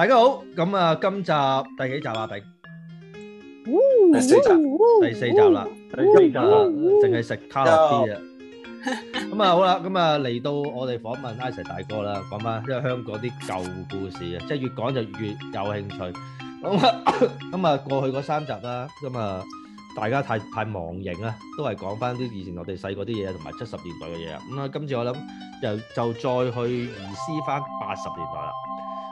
大家好，咁啊，今集第幾集啊，阿炳？第四集，第四集啦，第四集啦，淨係食卡樂 B 啊！咁啊，好啦，咁啊，嚟到我哋訪問 Issac 大哥啦，講翻啲香港啲舊故事啊，即係越講就越有興趣。咁啊，咁啊，過去嗰三集啦，咁啊，大家太太忙型啦，都係講翻啲以前我哋細個啲嘢，同埋七十年代嘅嘢啊。咁啊，今次我諗又就再去移思翻八十年代啦。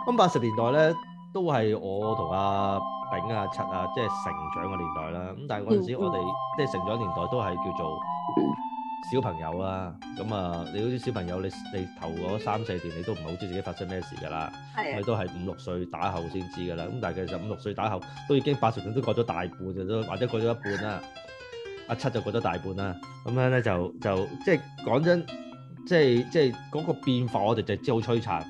咁八十年代咧，都係我同阿炳啊、阿七啊，即係成長嘅年代啦。咁但係嗰陣時我，我哋即係成長年代都係叫做小朋友啦。咁啊，你嗰啲小朋友，你你頭嗰三四年，你都唔係好知自己發生咩事㗎啦。係的都係五六歲打後先知㗎啦。咁但係其實五六歲打後，都已經八十年都過咗大半，或者過咗一半啦。阿七就過咗大半啦。咁樣咧就就即係講真，即係即係嗰、嗰個變化，我哋就知好摧殘。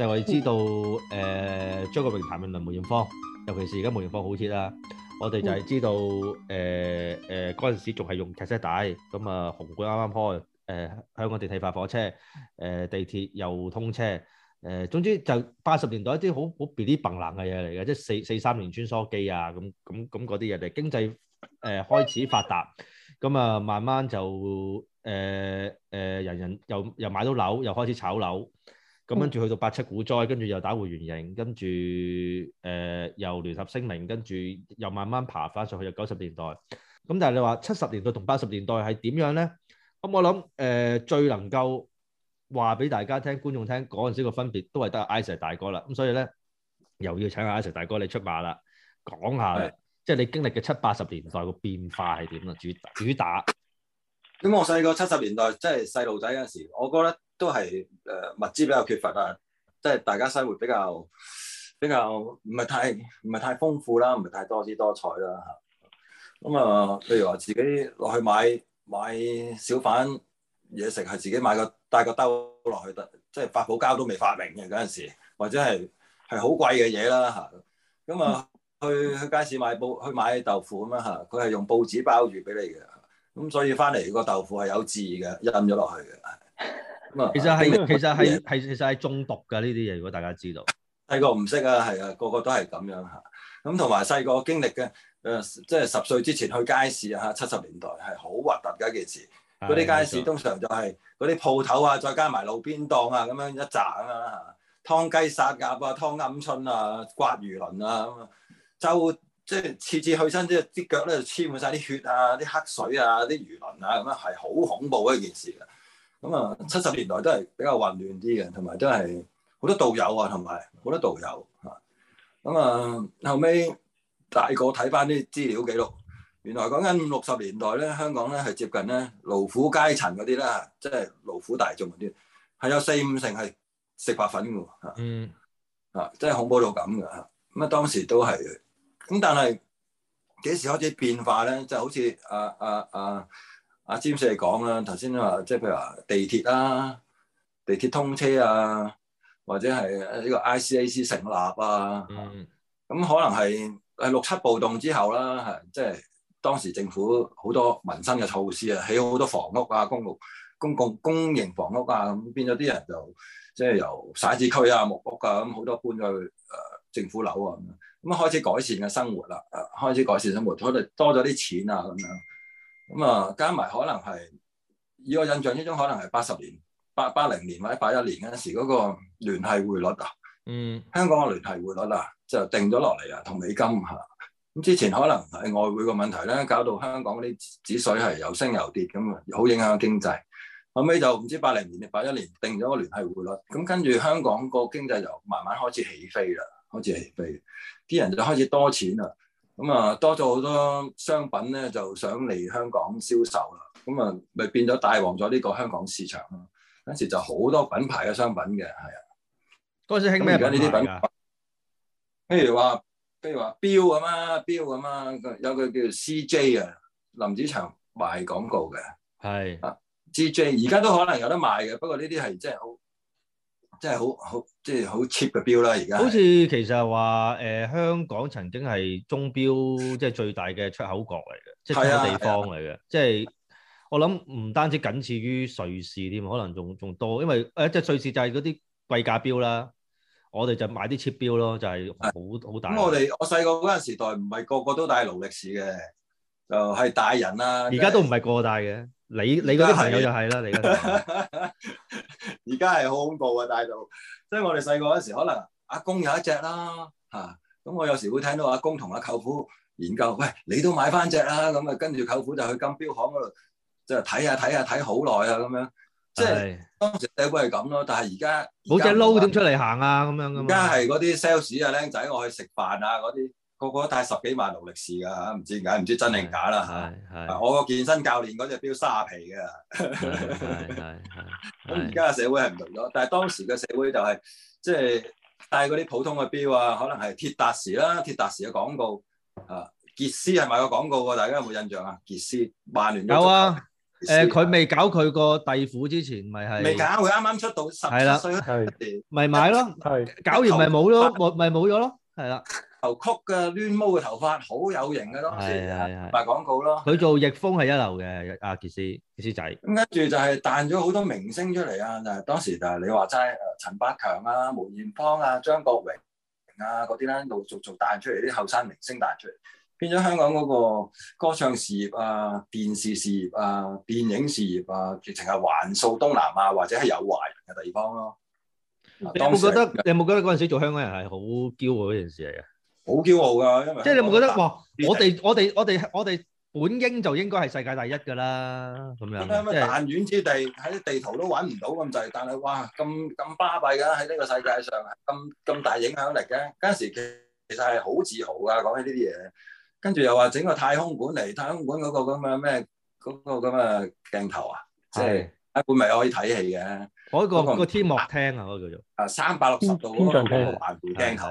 就係知道，誒、呃、張國榮譚詠麟梅艷芳，尤其是而家梅艷芳好熱啊！我哋就係知道，誒誒嗰陣時仲係用卡式帶，咁啊紅館啱啱開，誒香港電氣化火車，誒、呃、地鐵又通車，誒、呃、總之就八十年代一啲好好別啲嘣冷嘅嘢嚟嘅，即係四四三年穿梭機啊，咁咁咁嗰啲嘢哋經濟誒、呃、開始發達，咁啊慢慢就誒誒、呃呃、人人又又買到樓，又開始炒樓。咁跟住去到八七股災，跟住又打回原形，跟住誒又聯合聲明，跟住又慢慢爬翻上去到九十年代。咁但係你話七十年代同八十年代係點樣咧？咁、嗯、我諗誒、呃、最能夠話俾大家眾聽、觀眾聽嗰陣時個分別都係得阿 Issac 大哥啦。咁所以咧又要請阿 Issac 大哥你出馬啦，講下的即係你經歷嘅七八十年代個變化係點啦？主主打。咁我細個七十年代，即係細路仔嗰陣時，我覺得都係誒、呃、物資比較缺乏啊，即係大家生活比較比較唔係太唔係太豐富啦，唔係太多姿多彩啦吓。咁啊，譬如話自己落去買買小販嘢食，係自己買個帶個兜落去，即係發泡膠都未發明嘅嗰陣時，或者係係好貴嘅嘢啦吓。咁啊，啊，去去街市買布去買豆腐咁樣吓，佢、啊、係、啊、用報紙包住俾你嘅。咁所以翻嚟個豆腐係有字嘅，一印咗落去嘅。咁啊，其實係其實係係其實係中毒㗎呢啲嘢。如果大家知道，細個唔識啊，係啊，個個都係咁樣嚇。咁同埋細個經歷嘅，誒、呃，即係十歲之前去街市啊，七十年代係好核突嘅一件事。嗰啲的街市通常就係嗰啲鋪頭啊，再加埋路邊檔啊，咁樣一扎咁啊嚇，㓥雞殺鴨啊，㓥鴨五春啊，刮魚鱗啊咁啊，就、啊、～、啊啊啊啊啊啊即係次次去親，即係啲腳咧就黐滿晒啲血啊、啲黑水啊、啲魚鱗啊，咁樣係好恐怖嘅一件事嘅。咁啊，七十年代都係比較混亂啲嘅，同埋都係好多道友啊，同埋好多道友嚇。咁啊，後尾大個睇翻啲資料記錄，原來講緊六十年代咧，香港咧係接近咧勞苦階層嗰啲啦，即係勞苦大眾嗰啲，係有四五成係食白粉嘅嚇、啊。嗯嚇、啊，真係恐怖到咁嘅嚇。咁啊，當時都係。咁但係幾時開始變化咧？就好似啊啊啊啊，詹 sir 講啦，頭先話即係譬如話地鐵啦、啊，地鐵通車啊，或者係呢個 I C A C 成立啊，咁、嗯啊、可能係係六七暴動之後啦，係即係當時政府好多民生嘅措施啊，起好多房屋啊，公共、公共公營房屋啊，咁變咗啲人就即係、就是、由徙置區啊、木屋啊，咁好多搬咗去誒、呃、政府樓啊咁樣。咁開始改善嘅生活啦，誒，開始改善生活，多啲多咗啲錢啊，咁樣，咁啊，加埋可能係以我印象之中，可能係八十年八八零年或者八一年嗰陣時聯繫匯，嗰個聯繫匯率啊，嗯，香港嘅聯繫匯率啊，就定咗落嚟啊，同美金啊，咁之前可能係外匯嘅問題咧，搞到香港嗰啲指水係又升又跌咁啊，好影響經濟，後尾就唔知八零年，年定八一年定咗個聯繫匯率，咁跟住香港個經濟就慢慢開始起飛啦。開始起飛，啲人就開始多錢啦，咁、嗯、啊多咗好多商品咧，就想嚟香港銷售啦，咁啊咪變咗帶旺咗呢個香港市場咯。嗰時就好多品牌嘅商品嘅，係啊，嗰時興咩品牌啊？譬如話譬如話表咁啊，表咁啊，有個叫 CJ 啊，林子祥賣廣告嘅，係啊，CJ 而家都可能有得賣嘅，不過呢啲係真係好。即係好好，即係好 cheap 嘅表啦。而家好似其實話誒、呃，香港曾經係鐘錶即係最大嘅出口國嚟嘅， 即係地方嚟嘅。即係、啊、我諗唔單止僅次於瑞士添，可能仲仲多，因為誒、呃、即係瑞士就係嗰啲貴價表啦，我哋就買啲 cheap 表咯，就係好好大。咁我哋我細個嗰陣時代唔係個個都戴勞力士嘅，就係、是、大人啦。而、就、家、是就是、都唔係個大嘅。你你嗰啲朋友就係啦，你嗰啲朋友而家係好恐怖啊，大到即係我哋細個嗰時，可能阿公有一隻啦、啊，嚇、啊、咁我有時會聽到阿公同阿舅父研究，喂，你都買翻隻啦，咁啊跟住舅父就去金標行嗰度，就睇下睇下睇好耐啊咁樣，即係的當時都係咁咯，但係而家冇隻撈點出嚟行啊咁樣噶，而家係嗰啲 sales 啊僆仔我去食飯啊嗰啲。個個都戴十幾萬勞力士噶吓，唔知點解，唔知真定假啦吓。我個健身教練嗰隻表沙皮噶。咁而家嘅社會係唔同咗，但係當時嘅社會就係即係戴嗰啲普通嘅表啊，可能係鐵達時啦，鐵達時嘅廣告啊，傑斯係賣個廣告噶，大家有冇印象啊？傑斯，曼聯有啊。誒，佢未搞佢個弟婦之前，咪係未搞，佢啱啱出道，係啦，係咪買咯？係，搞完咪冇咗，咪咪冇咗咯，係啦。頭曲嘅攣毛嘅頭髮好有型嘅當時是是是賣廣告咯，佢做逆風係一流嘅阿杰斯杰斯仔。咁跟住就係彈咗好多明星出嚟、就是、啊！嗱，當時就係你話齋誒，陳百強啊、梅艷芳啊、張國榮啊嗰啲啦，度逐逐彈出嚟啲後生明星彈出嚟，變咗香港嗰個歌唱事業啊、電視事業啊、電影事業啊，直情係橫掃東南亞或者係有華人嘅地方咯。你有冇覺得？你有冇覺得嗰陣時做香港人係好驕傲嗰件事嚟嘅？好驕傲㗎，因為即係你有冇覺得哇？我哋我哋我哋我哋本應就應該係世界第一㗎啦，咁樣即係彈丸之地，喺地圖都揾唔到咁滯，但係哇咁咁巴閉㗎，喺呢個世界上咁咁大影響力嘅嗰陣時，其實係好自豪㗎，講起呢啲嘢，跟住又話整個太空館嚟，太空館嗰個咁嘅咩嗰個咁嘅鏡頭啊，的即係一本咪可以睇戲嘅，嗰、那個天、那個、幕廳啊，嗰、那個叫做啊三百六十度嘅環迴鏡頭。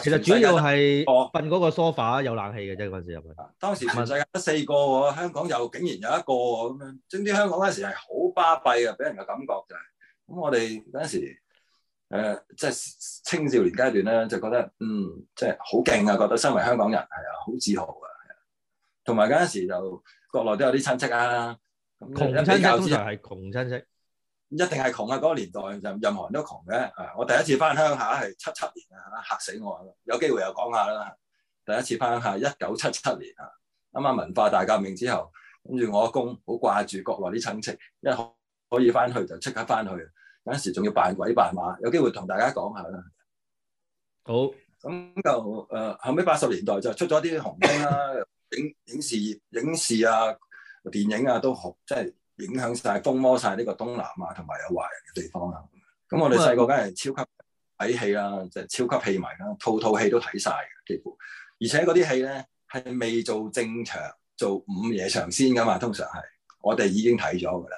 其實主要係瞓嗰個 sofa 有冷氣嘅啫嗰陣時入去。當時全世界得四個喎，香港又竟然有一個喎咁樣。總之香港嗰陣時係好巴閉啊，俾人嘅感覺就係、是、咁。我哋嗰陣時誒，即、呃、係青少年階段咧，就覺得嗯，即係好勁啊！覺得身為香港人係啊，好自豪啊！係啊，同埋嗰陣時就國內都有啲親戚啊，窮、嗯、親戚通常係窮親戚。一定係窮啊！嗰個年代任任何人都窮嘅啊！我第一次翻鄉下係七七年啊，嚇死我！有機會又講下啦。第一次翻鄉下，一九七七年啊，啱啱文化大革命之後，跟住我阿公好掛住國內啲親戚，一可以翻去就即刻翻去。有陣時仲要扮鬼扮馬，有機會同大家講下啦。好，咁就誒後尾八十年代就出咗啲紅星啦，影影視影視啊、電影啊都好，即係。影響晒，風魔晒呢個東南亞同埋有華人嘅地方啊！咁我哋細個梗係超級睇戲啦，就係超級戲迷啦，套套戲都睇晒嘅，幾乎。而且嗰啲戲咧係未做正場，做午夜場先噶嘛，通常係我哋已經睇咗噶啦。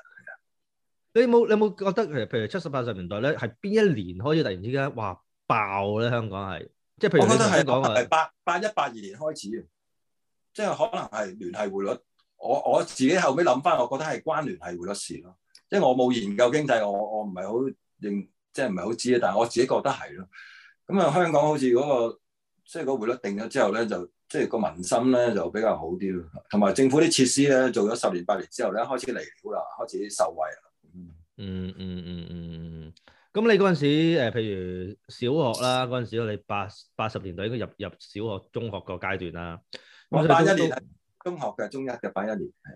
你冇你冇覺得譬如七十八十年代咧，係邊一年開始突然，突然之間哇爆咧？香港係即係譬如你頭先講嘅，八八一八二年開始即係可能係聯繫匯率。我我自己後尾諗翻，我覺得係關聯繫匯率事咯，即係我冇研究經濟，我我唔係好認，即係唔係好知咧。但係我自己覺得係咯。咁啊，香港好似嗰個，即係個匯率定咗之後咧，就即係個民心咧就比較好啲咯，同埋政府啲設施咧做咗十年八年之後咧開始嚟料啦，開始受惠啦。嗯嗯嗯嗯嗯。咁你嗰陣時誒，譬如小學啦，嗰陣時你八八十年代應該入入小學、中學個階段啦。我八一年。中學嘅，中一嘅，讀一年。係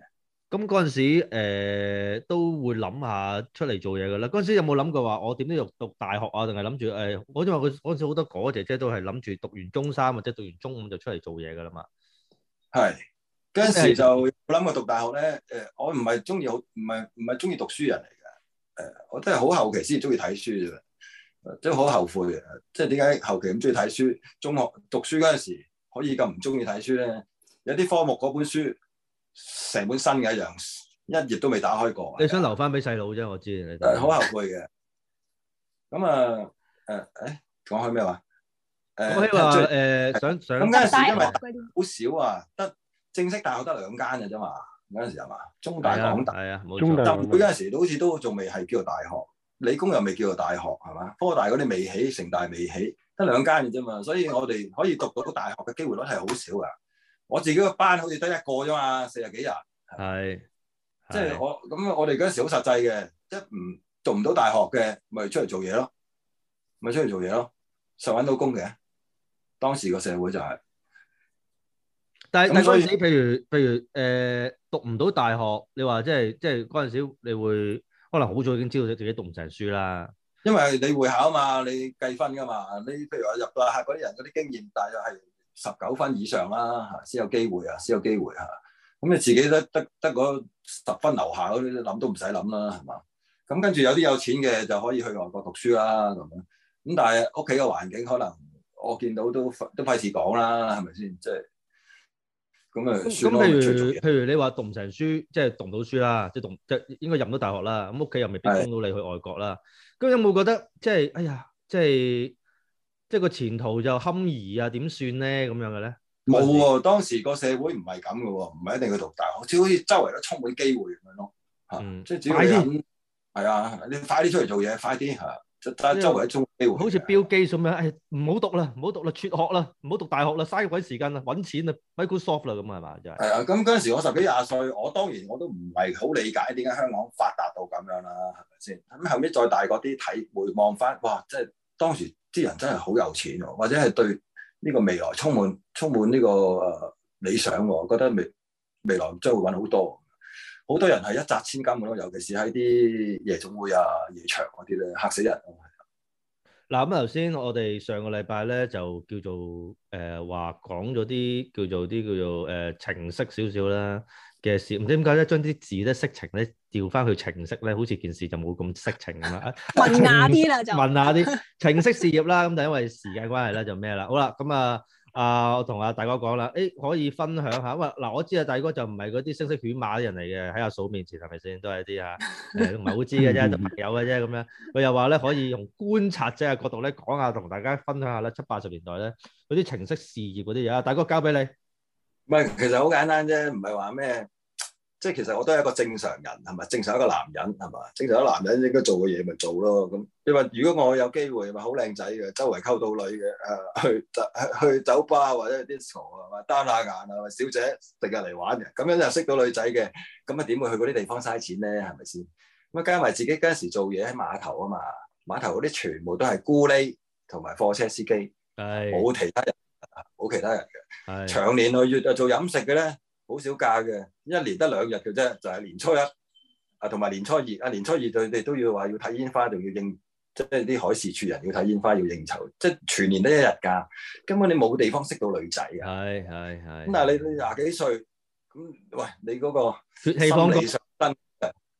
咁嗰陣時，誒、呃，都會諗下出嚟做嘢噶啦。嗰陣時有冇諗過話，我點都要讀大學啊？定係諗住誒，我因為佢陣時好多個姐姐都係諗住讀完中三或者讀完中五就出嚟做嘢噶啦嘛。係嗰陣時就冇諗的過讀大學咧。誒，我唔係中意好，唔係唔係中意讀書人嚟嘅。誒、呃，我真係好後期先中意睇書嘅，都、呃、好後悔嘅。即係點解後期咁中意睇書？中學讀書嗰陣時可以咁唔中意睇書咧？有啲科目嗰本書成本新嘅一樣，一頁都未打開過。你想留翻俾細佬啫？我知你。好後悔嘅。咁啊，誒、呃，誒、欸，講、呃、開咩話？所以話誒，想想咁嗰陣時，因為好少啊，得正式大學得兩間嘅啫嘛。嗰陣時係嘛？中大,大、港大啊，中大、啊。但佢嗰陣時好似都仲未係叫做大學，理工又未叫做大學，係嘛？科大嗰啲未起，城大未起，得兩間嘅啫嘛。所以我哋可以讀到個大學嘅機會率係好少啊。我自己個班好似得一個啫嘛，四十幾人。係，即係我咁，我哋嗰陣時好實際嘅，即唔讀唔到大學嘅，咪出嚟做嘢咯，咪出嚟做嘢咯，實揾到工嘅。當時個社會就係、是。但係嗰陣時，譬如譬如誒讀唔到大學，你話即係即係嗰陣時，你會可能好早已經知道你自己讀唔成書啦。因為你會考嘛，你計分噶嘛，你譬如話入大學嗰啲人嗰啲經驗，大約係。十九分以上啦，吓先有機會啊，先有機會吓、啊。咁、嗯、你自己得得得嗰十分樓下嗰啲諗都唔使諗啦，係嘛？咁、嗯、跟住有啲有錢嘅就可以去外國讀書啦，咁樣。咁但係屋企嘅環境可能我見到都都費事講啦，係咪先？即係咁啊，咁譬、嗯、了如譬如你話讀唔成書，即係讀唔到書啦、啊，即係讀即係應該入唔到大學啦。咁屋企又未必供到你去外國啦。咁的有冇覺得即係哎呀，即、哎、係？哎即係個前途就堪疑啊？點算咧？咁樣嘅咧？冇喎、啊，當時個社會唔係咁嘅喎，唔係一定要讀大學，只好似周圍都充滿機會咁樣咯。嚇、嗯，啊、即係只要人係啊，點啊，你快啲出嚟做嘢，快啲嚇，即、啊、周圍都充滿機會。好似標記咁樣，誒唔好讀啦，唔好讀啦，輟學啦，唔好讀大學啦，嘥鬼時間啦，揾錢啊，咪做 soft 啦咁啊嘛，就係。係啊，咁嗰陣時我十幾廿歲，我當然我都唔係好理解點解香港發達到咁樣啦，係咪先？咁後尾再大個啲睇回望翻，哇！即係當時。啲人真係好有錢喎，或者係對呢個未來充滿充滿呢、這個誒、呃、理想喎，覺得未未來將會揾好多，好多人係一擲千金咯，尤其是喺啲夜總會啊、夜場嗰啲咧，嚇死人啊！嗱，咁頭先我哋上個禮拜咧就叫做誒話講咗啲叫做啲叫做誒情色少少啦。呃嘅事，唔知點解咧，將啲字咧色情咧調翻去情色，咧，好似件事就冇咁色情咁啦，文雅啲啦就，混 下啲情色事業啦，咁就因為時間關係啦，就咩啦，好啦，咁啊，啊，我同阿大哥講啦，誒、欸、可以分享下，咁嗱，我知啊大哥就唔係嗰啲聲色犬馬人嚟嘅，喺阿嫂面前係咪先都係啲啊，誒都唔係好知嘅啫，朋友嘅啫咁樣，佢又話咧可以用觀察者嘅角度咧講下，同大家分享下啦，七八十年代咧嗰啲情色事業嗰啲嘢，大哥交俾你。唔其實好簡單啫，唔係話咩，即係其實我都係一個正常人，係咪？正常一個男人，係咪？正常一個男人應該做嘅嘢咪做咯。咁你話如果我有機會，咪好靚仔嘅，周圍溝到女嘅，誒、啊、去去酒吧或者 disco 啊，單下眼啊，小姐成日嚟玩，嘅，咁樣又識到女仔嘅，咁啊點會去嗰啲地方嘥錢咧？係咪先？咁啊加埋自己嗰陣時做嘢喺碼頭啊嘛，碼頭嗰啲全部都係咕喱同埋貨車司機，冇的其他人。冇其他人嘅，係長年累月啊做飲食嘅咧，好少假嘅，一年得兩日嘅啫，就係年初一啊同埋年初二，啊年初二佢哋都要話要睇煙花，仲要應，即係啲海事處人要睇煙花要應酬，即係全年得一日假，根本你冇地方識到女仔啊，係係係，咁但係你廿幾歲，咁喂你嗰個血氣方剛，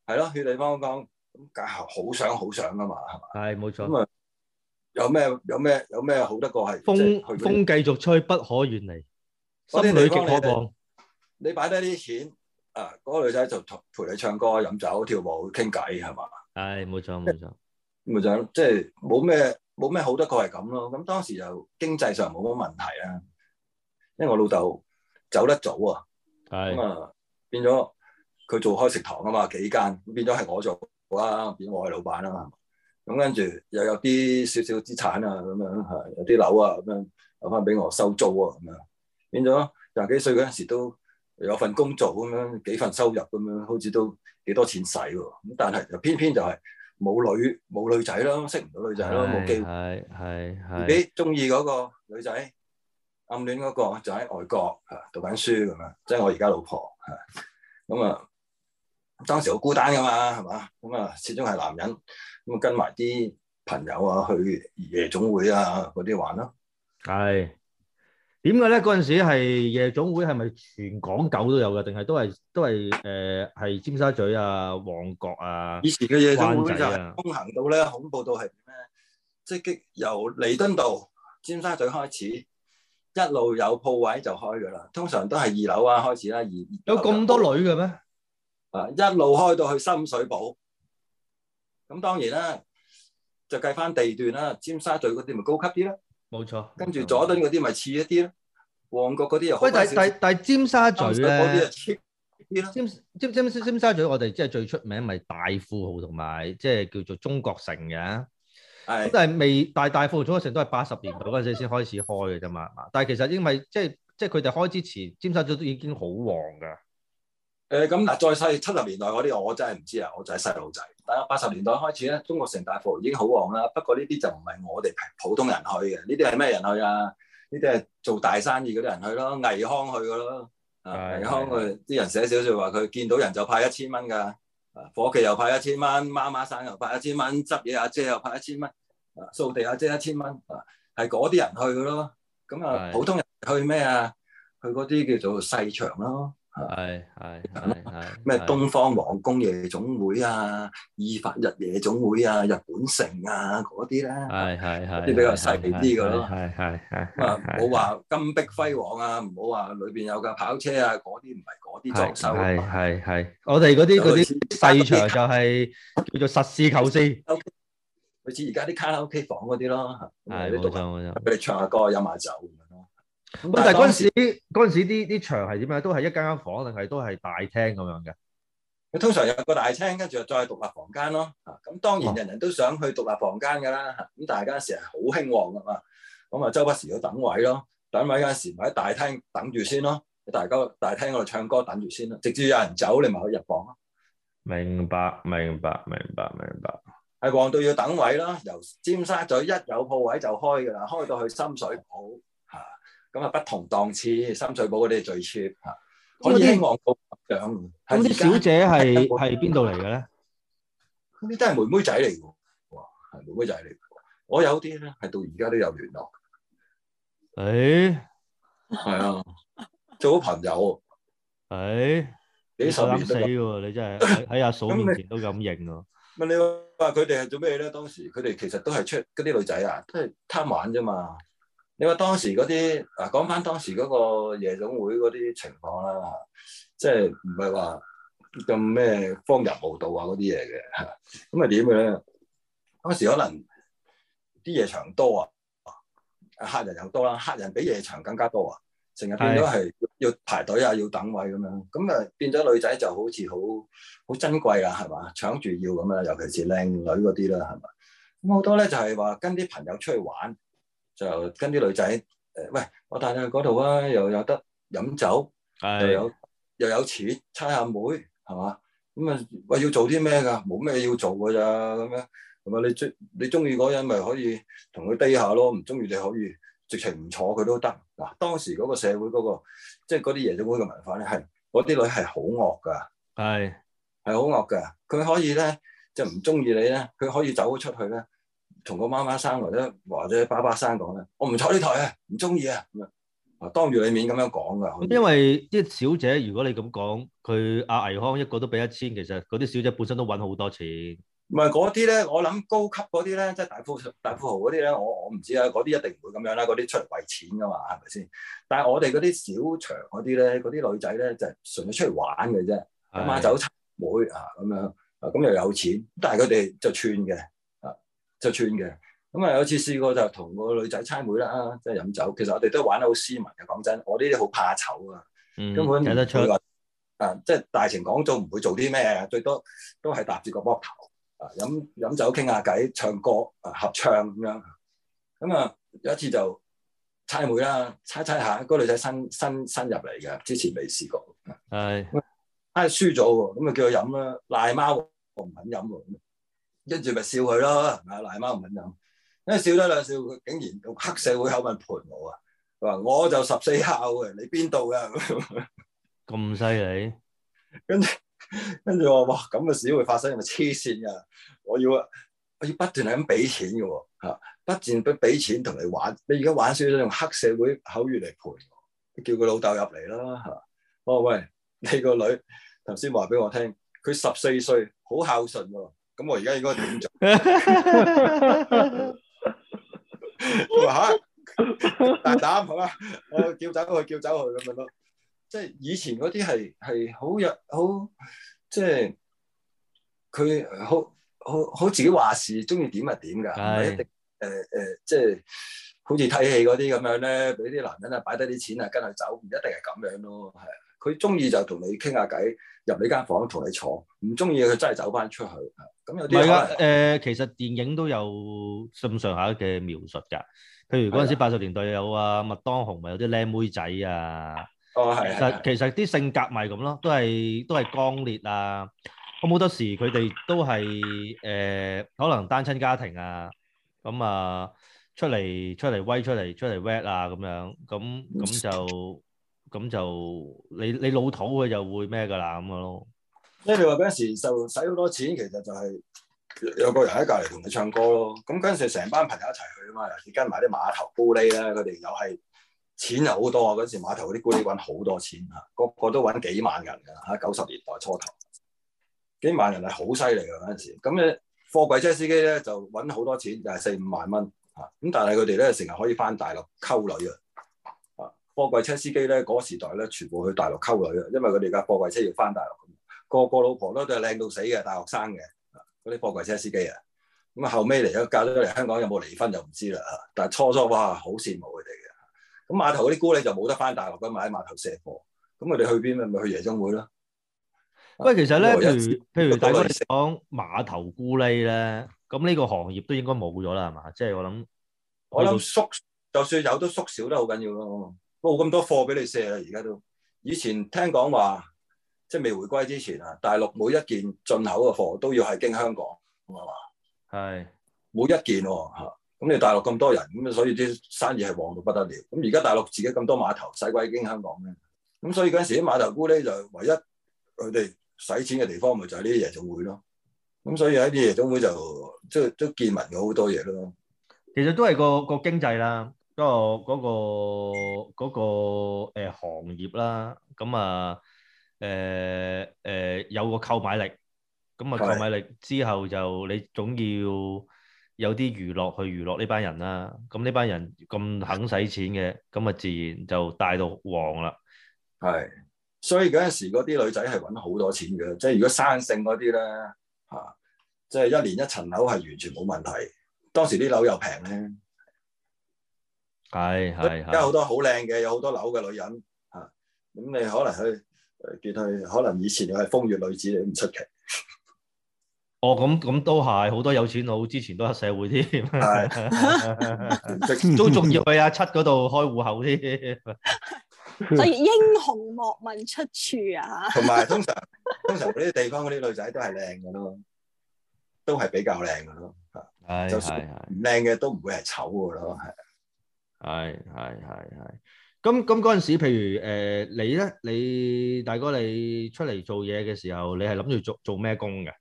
係咯血氣方剛，咁梗係好想好想噶嘛，係嘛，係冇錯，咁啊。有咩有咩有咩好得過係風風繼續吹不可遠離，啲女嘅，我講。你擺低啲錢，啊，嗰個女仔就陪陪你唱歌、飲酒、跳舞、傾偈，係嘛？係冇錯冇錯，冇錯，即係冇咩冇咩好得過係咁咯。咁當時就經濟上冇乜問題啊，因為我老豆走得早啊，咁啊變咗佢做開食堂啊嘛，幾間咁變咗係我做啦，變我係老闆啊嘛。咁跟住又有啲少少資產啊，咁樣嚇，有啲樓啊，咁樣攞翻俾我收租啊，咁樣變咗廿幾歲嗰陣時都有份工作咁樣，幾份收入咁樣，好似都幾多錢使喎。咁但係就偏偏就係冇女冇女仔咯，識唔到女仔咯，冇是機會。係係係。自己中意嗰個女仔暗戀嗰個就喺外國、啊、讀緊書咁樣，即、啊、係、係、我而家老婆。咁啊，啊，當時好孤單㗎嘛，係嘛？咁啊，始終係男人。咁啊，跟埋啲朋友啊，去夜總會啊嗰啲玩咯。係點嘅咧？嗰陣時係夜總會係咪全港九都有嘅？定係都係都係誒，係、呃、尖沙咀啊、旺角啊。以前嘅夜總會就通行到咧，啊、恐怖到係咩？即係由彌敦道、尖沙咀開始，一路有鋪位就開噶啦。通常都係二樓啊開始啦，二有咁多女嘅咩？啊，一路開到去深水埗。咁當然啦，就計翻地段啦，尖沙咀嗰啲咪高級啲咯，冇錯。跟住佐敦嗰啲咪似一啲咯，旺角嗰啲又。但係但係但係尖沙咀咧，尖尖尖尖沙咀，我哋即係最出名咪大富豪同埋即係叫做中國城嘅。咁係但係未大大富豪中國城都係八十年代嗰陣時先開始開嘅啫嘛，但係其實因為即係即係佢哋開之前，尖沙咀都已經好旺噶。誒咁嗱，再細七十年代嗰啲，我真係唔知啊，我真係細路仔。八十年代開始咧，中國城大富豪已經好旺啦。不過呢啲就唔係我哋普通人去嘅，呢啲係咩人去啊？呢啲係做大生意嗰啲人去咯，魏康去嘅咯。魏的康佢啲人寫少少話，佢見到人就派一千蚊㗎，伙計又派一千蚊，媽媽生又派一千蚊，執嘢阿姐，姐又派一千蚊，掃地阿姐，姐一千蚊。係嗰啲人去嘅咯。咁啊，普通人去咩啊？去嗰啲叫做細場咯。係係咩？東方皇宮夜總會啊，意法日夜總會啊，日本城啊，嗰啲咧，係係係啲比較細啲嘅咯，係係係咁啊！唔好話金碧輝煌啊，唔好話裏邊有架跑車啊，嗰啲唔係嗰啲裝修。係係係，我哋嗰啲嗰啲細場就係叫做實事求是。好似而家啲卡拉 OK 房嗰啲咯，係冇錯冇錯，俾你唱下歌，飲下酒。但係嗰陣時，陣時啲啲場係點啊？都係一間間房，定係都係大廳咁樣嘅？佢通常有個大廳，跟住再獨立房間咯。吓、啊，咁當然人人都想去獨立房間噶啦。咁大家嗰陣時係好興旺噶嘛。咁啊，周不時要等位咯，等位嗰陣時咪喺大廳等住先咯。大家大廳嗰度唱歌等住先啦，直至有人走，你咪去入房咯。明白，明白，明白，明白。喺旺到要等位咯，由尖沙咀一有鋪位就開噶啦，開到去深水埗。咁啊，不同檔次，深水埗嗰啲係最 cheap 嚇。我哋、嗯、希望報獎。咁啲小姐係係邊度嚟嘅咧？咁啲在都係妹妹仔嚟㗎。哇，係妹妹仔嚟。我有啲咧係到而家都有聯絡。誒、欸，係啊，做好朋友。誒、欸，幾受啱死喎！你真係喺阿嫂面前都咁型啊。咪 你話佢哋係做咩咧？當時佢哋其實都係出嗰啲女仔啊，都係貪玩啫嘛。因為當時嗰啲啊，講翻當時嗰個夜總會嗰啲情況啦，即係唔係話咁咩荒淫無道啊嗰啲嘢嘅嚇，咁啊點嘅咧？呢當時可能啲夜場多啊，客人又多啦、啊，客人比夜場更加多啊，成日變咗係要排隊啊，要等位咁樣，咁啊變咗女仔就好似好好珍貴啊，係嘛，搶住要咁樣，尤其是靚女嗰啲啦，係嘛，咁好多咧就係、是、話跟啲朋友出去玩。就跟啲女仔，誒喂，我帶你去嗰度啊！又有得飲酒，的又有又有錢，猜下妹，係嘛？咁啊，喂，要做啲咩㗎？冇咩要做㗎咋咁樣。咁啊，你中你中意嗰人咪可以同佢低下咯，唔中意你可以直情唔坐佢都得。嗱、啊，當時嗰個社會嗰、嗰個，即係嗰啲夜總會嘅文化咧，係嗰啲女係好惡㗎，係係好惡㗎。佢可以咧就唔中意你咧，佢可以走咗出去咧。同個媽媽生或者或者爸爸生講咧，我唔坐呢台啊，唔中意啊咁啊，當住你面咁樣講噶。因為啲小姐，如果你咁講，佢阿毅康一個都俾一千，其實嗰啲小姐本身都揾好多錢。唔係嗰啲咧，我諗高級嗰啲咧，即係大富大富豪嗰啲咧，我我唔知啊，嗰啲一定唔會咁樣啦，嗰啲出嚟為錢㗎嘛，係咪先？但係我哋嗰啲小場嗰啲咧，嗰啲女仔咧就係純粹出嚟玩嘅啫，阿媽走親妹啊咁樣，咁、啊啊、又有錢，但係佢哋就串嘅。即係嘅，咁啊有一次試過就同個女仔猜枚啦，即係飲酒。其實我哋都玩得好斯文嘅，講真，我呢啲好怕醜啊，根本睇得出。啊，即係大情講做唔會做啲咩，最多都係搭住個膊頭啊，飲飲酒傾下偈，唱歌啊合唱咁樣。咁啊有一次就猜枚啦，猜猜下嗰個女仔新新新入嚟嘅，之前未試過。係，唉輸咗喎，咁啊叫佢飲啦，賴貓我唔肯飲喎。跟住咪笑佢咯，啊奶媽唔肯飲，跟住笑得兩笑，佢竟然用黑社會口吻賠我啊！話我就十四孝嘅，你邊度噶？咁犀利？跟住跟住我話，哇！咁嘅事會發生，咪黐線噶！我要我要不斷係咁俾錢嘅，吓不斷不俾錢同你玩。你而家玩少咗，用黑社會口語嚟賠我，你叫個老豆入嚟啦，吓！我話喂，你個女頭先話俾我聽，佢十四歲，好孝順嘅。咁我而家應該點做？嚇！ 大膽好啊！我叫走佢，叫走佢咁樣咯。即係以前嗰啲係係好有好，即係佢好好好自己話事，中意點啊點㗎，唔係一定誒誒，即係好似睇戲嗰啲咁樣咧，俾啲男人啊擺低啲錢啊跟佢走，唔一定係咁樣咯。係。佢中意就同你傾下偈，入你間房同你坐；唔中意佢真係走翻出去。咁有啲誒，其實電影都有咁上下嘅描述㗎。譬如嗰陣時八十年代有啊麥當雄，咪有啲靚妹仔啊。哦，係。其實其實啲性格咪咁咯，都係都係剛烈啊。咁好多時佢哋都係誒，可能單親家庭啊。咁啊，出嚟出嚟威，出嚟出嚟 rap 啊咁樣。咁咁就。咁就你你老土嘅就會咩㗎啦咁嘅咯，即係你話嗰陣時就使好多錢，其實就係有個人喺隔離同你唱歌咯。咁嗰陣時成班朋友一齊去啊嘛，又跟埋啲碼頭咕喱咧，佢哋又係錢又好多。嗰陣時碼頭嗰啲咕喱揾好多錢嚇，個個都揾幾萬人㗎嚇。九十年代初頭幾萬人係好犀利㗎嗰陣時。咁你貨櫃車司機咧就揾好多錢，就係四五萬蚊嚇。咁但係佢哋咧成日可以返大陸溝女啊。貨櫃車司機咧，嗰時代咧，全部去大陸溝女啊，因為佢哋架貨櫃車要翻大陸。個個老婆都都係靚到死嘅，大學生嘅，嗰啲貨櫃車司機啊。咁啊，後尾嚟咗嫁咗嚟香港，有冇離婚就唔知啦嚇。但係初初哇，好羨慕佢哋嘅。咁碼頭嗰啲姑娘咧，就冇得翻大陸咁買碼頭卸貨。咁佢哋去邊咪去夜總會咯。喂，其實咧日如，譬如譬如大哥你講碼頭姑娘呢，咁呢個行業都應該冇咗啦，係嘛？即係我諗，我諗想以縮就算有都縮小得好緊要咯。冇咁多貨俾你卸啦，而家都。以前聽講話，即係未回歸之前啊，大陸每一件進口嘅貨都要係經香港，係嘛？係是。每一件喎，咁你大陸咁多人，咁所以啲生意係旺到不得了。咁而家大陸自己咁多碼頭，使鬼經香港咩？咁所以嗰陣時啲碼頭姑咧就唯一佢哋使錢嘅地方咪就係呢啲夜總會咯。咁所以喺啲夜總會就即係都見聞咗好多嘢咯。其實都係個個經濟啦。嗰個嗰個嗰個誒行業啦，咁啊誒誒有個購買力，咁啊購買力的之後就你總要有啲娛樂去娛樂呢班人啦，咁呢班人咁肯使錢嘅，咁啊自然就帶到旺啦，係。所以嗰陣時嗰啲女仔係揾好多錢嘅，即係如果生性嗰啲咧嚇，即係一年一層樓係完全冇問題。當時啲樓又平咧。係係，而家好多好靚嘅，有好多樓嘅女人吓，咁你可能去見佢，可能以前又係風月女子，你唔出奇。哦，咁咁都係，好多有錢佬之前都係社會添，都仲要去阿七嗰度開戶口添。所以英雄莫問出處啊！同 埋通常通常嗰啲地方嗰啲女仔都係靚嘅咯，都係比較靚嘅咯吓，是是就算唔靚嘅都唔會係醜嘅咯，係。系系系系，咁咁嗰陣時，譬如誒，你咧，你大哥你出嚟做嘢嘅時候，你係諗住做做咩工嘅？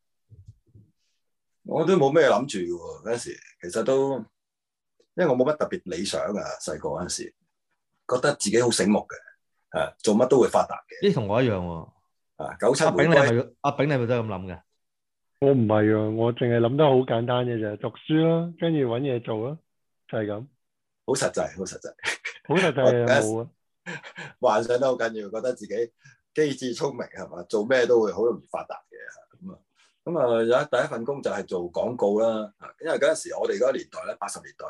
我都冇咩諗住喎，嗰陣時其實都，因為我冇乜特別理想啊，細個嗰陣時，覺得自己好醒目嘅，誒、啊，做乜都會發達嘅。呢同我一樣喎、啊。啊，九七回歸，阿炳你係咪都係咁諗嘅？我唔係啊，我淨係諗得好簡單嘅啫，讀書啦、啊，跟住搵嘢做啦、啊，就係、是、咁。好實際，好實際，好實際，幻想得好緊要，覺得自己機智聰明係嘛，做咩都會好容易發達嘅咁啊！咁啊，有、呃、第一份工就係做廣告啦。因為嗰陣時我哋嗰年代咧，八十年代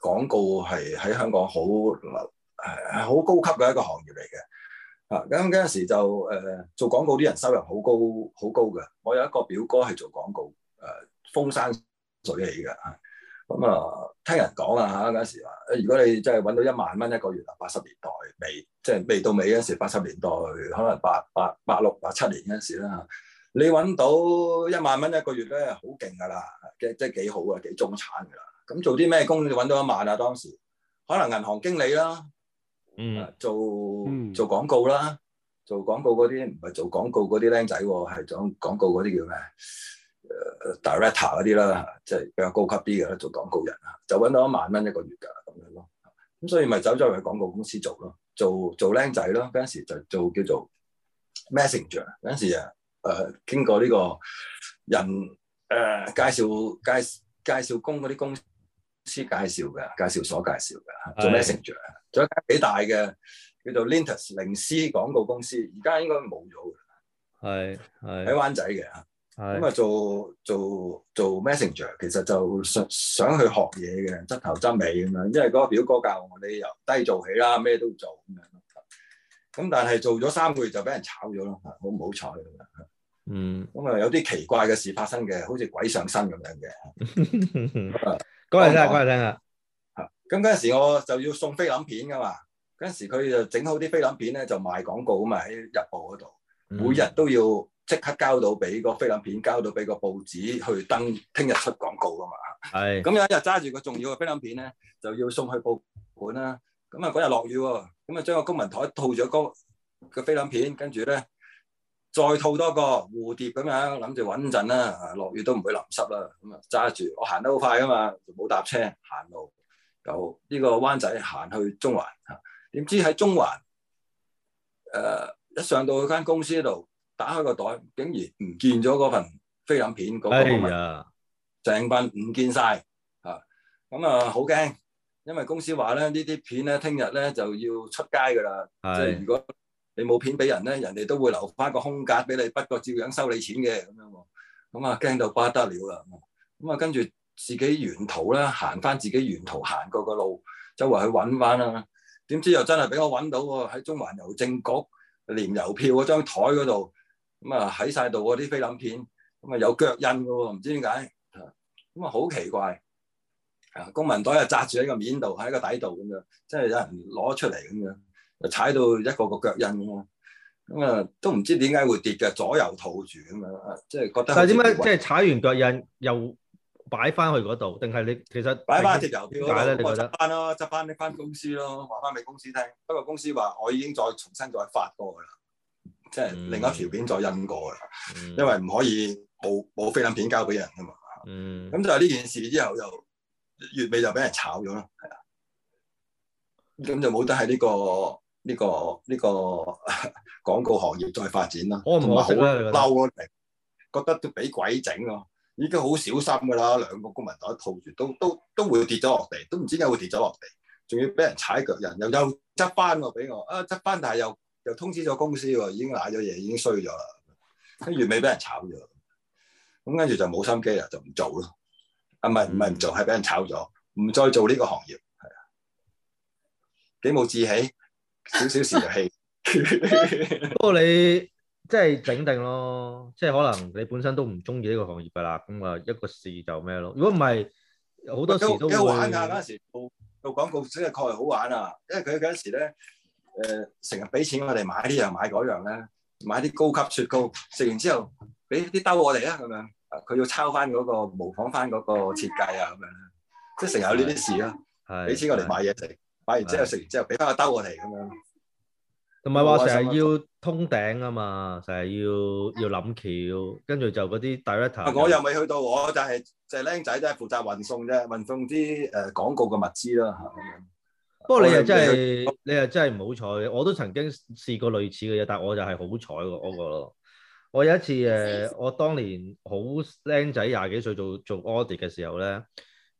廣告係喺香港好流，係好高級嘅一個行業嚟嘅。啊，咁嗰陣時就誒、呃、做廣告啲人收入好高，好高嘅。我有一個表哥係做廣告，誒、呃，風生水起嘅啊。咁啊、嗯，聽人講啊吓嗰時啊，如果你真係搵到一萬蚊一個月啊，八十年代未，即係未到尾嗰時，八十年代可能八八八六八七年嗰時啦，你搵到一萬蚊一個月咧，好勁噶啦，即係即係幾好噶，幾中產噶啦。咁做啲咩工？你搵到一萬啊？當時可能銀行經理啦，嗯，做做廣告啦，做廣告嗰啲唔係做廣告嗰啲僆仔，係做廣告嗰啲叫咩？誒 director 嗰啲啦，即係比較高級啲嘅啦，做廣告人啊，就搵到一萬蚊一個月噶咁樣咯。咁所以咪走咗去廣告公司做，做，做咯，做做僆仔咯。嗰陣時就做叫做 Messenger 嗰陣時啊誒、呃，經過呢個人誒、呃、介紹介介紹工嗰啲公司介紹嘅，介紹所介紹嘅，做 Messenger 做一間幾大嘅叫做 Lintas 靈獅廣告公司，而家應該冇咗嘅，係係喺灣仔嘅。的咁啊、嗯、做做做 Messenger，其實就想想去學嘢嘅，執頭執尾咁樣，因為嗰個表哥教我哋由低做起啦，咩都做咁樣。咁但係做咗三個月就俾人炒咗咯，好唔好彩咁樣？嗯。咁、嗯、啊、嗯嗯、有啲奇怪嘅事發生嘅，好似鬼上身咁樣嘅。講嚟、 嗯、聽下，講嚟、嗯、聽下。嚇！咁嗰陣時我就要送菲林片噶嘛，嗰陣時佢就整好啲菲林片咧，就賣廣告啊嘛，喺日報嗰度，每日都要。即刻交到俾個菲林片，交到俾個報紙去登，聽日出廣告噶嘛。係的。咁有一日揸住個重要嘅菲林片咧，就要送去報館啦。咁啊嗰日落雨喎，咁啊將個公民台套咗個個菲林片，跟住咧再套多個蝴蝶咁樣，諗住穩陣啦，落雨都唔會淋濕啦。咁啊揸住，我行得好快噶嘛，就冇搭車行路，就呢個灣仔行去中環。點知喺中環誒、呃、一上到佢間公司度。打開個袋，竟然唔見咗嗰份菲林片嗰個封面，成份唔見晒吓，咁啊好驚、啊，因為公司話咧呢啲片咧聽日咧就要出街噶啦，是即係如果你冇片俾人咧，人哋都會留翻個空格俾你，不過照樣收你的錢嘅咁樣，咁啊驚到不得了啦，咁啊跟住、啊啊啊、自己沿途咧行翻自己沿途行過個路，周圍去搵翻啦，點、啊、知又真係俾我搵到喎，喺中環郵政局連郵票嗰張台嗰度。咁啊喺晒度嗰啲菲林片，咁啊有腳印噶，唔知點解，咁啊好奇怪，啊公民袋啊紮住喺個面度，喺個底度咁樣，即係有人攞出嚟咁樣，就踩到一個個腳印咁樣，咁啊都唔知點解會跌嘅，左右套住咁樣，即係覺得。但係點解即係踩完腳印又擺翻去嗰度，定係你其實？擺翻隻郵票。你覺得？執翻咯，執翻翻公司咯，話翻俾公司聽。不過公司話我已經再重新再發過啦。即係另一條片再印過嘅，嗯、因為唔可以冇冇菲林片交俾人噶嘛。咁、嗯、就係呢件事之後就，又月尾就俾人炒咗啦。係啊，咁就冇得喺呢個呢、呢個呢、呢個廣告行業再發展啦。我唔係好嬲啊，覺得，覺得都俾鬼整咯。已經好小心噶啦，兩個公文袋套住，都都都會跌咗落地，都唔知點解會跌咗落地，仲要俾人踩腳印，又又執翻我俾我啊，執翻但係又。又通知咗公司喎，已經瀨咗嘢，已經衰咗啦。跟住尾俾人炒咗，咁跟住就冇心機啦，就唔做咯。啊，唔係唔係唔做，係俾人炒咗，唔再做呢個行業。係啊，幾冇志氣，少少事就氣。不過 你即係、就是、整定咯，即係可能你本身都唔中意呢個行業噶啦。咁啊，一個事就咩咯？如果唔係，好多時都好玩下嗰陣時做做廣告，真係確係好玩啊。因為佢嗰陣時咧。誒，成日俾錢給我哋買呢樣買嗰樣咧，買啲高級雪糕，食完之後俾啲兜我哋啊，咁樣，佢要抄翻嗰，嗰個模仿翻嗰個設計啊，咁樣，即係成日有呢啲事啦，啊。係，俾錢給我哋買嘢食，買完之後食是完之後俾翻個兜我哋，咁樣。同埋話成日要通頂啊嘛，成日要要諗橋，跟住就嗰啲 director。我又未去到，我就係、是、就係僆仔，都係負責運送啫，運送啲誒廣告嘅物資啦，咁樣。不過你又真係，你又真係唔好彩，我都曾經試過類似嘅嘢，但係我就係好彩嗰個咯。我有一次誒，我當年好僆仔廿幾歲做做 audit 嘅時候咧，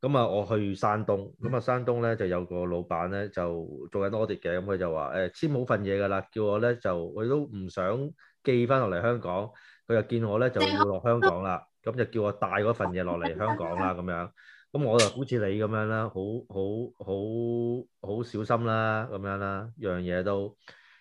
咁啊我去山東，咁啊山東咧就有個老闆咧就做緊 audit 嘅，咁佢就話誒、欸、簽好份嘢㗎啦，叫我咧就佢都唔想寄翻落嚟香港，佢就見我咧就要落香港啦，咁就叫我帶嗰份嘢落嚟香港啦咁樣。咁我就好似你咁樣啦，好好好好小心啦，咁樣啦，樣嘢都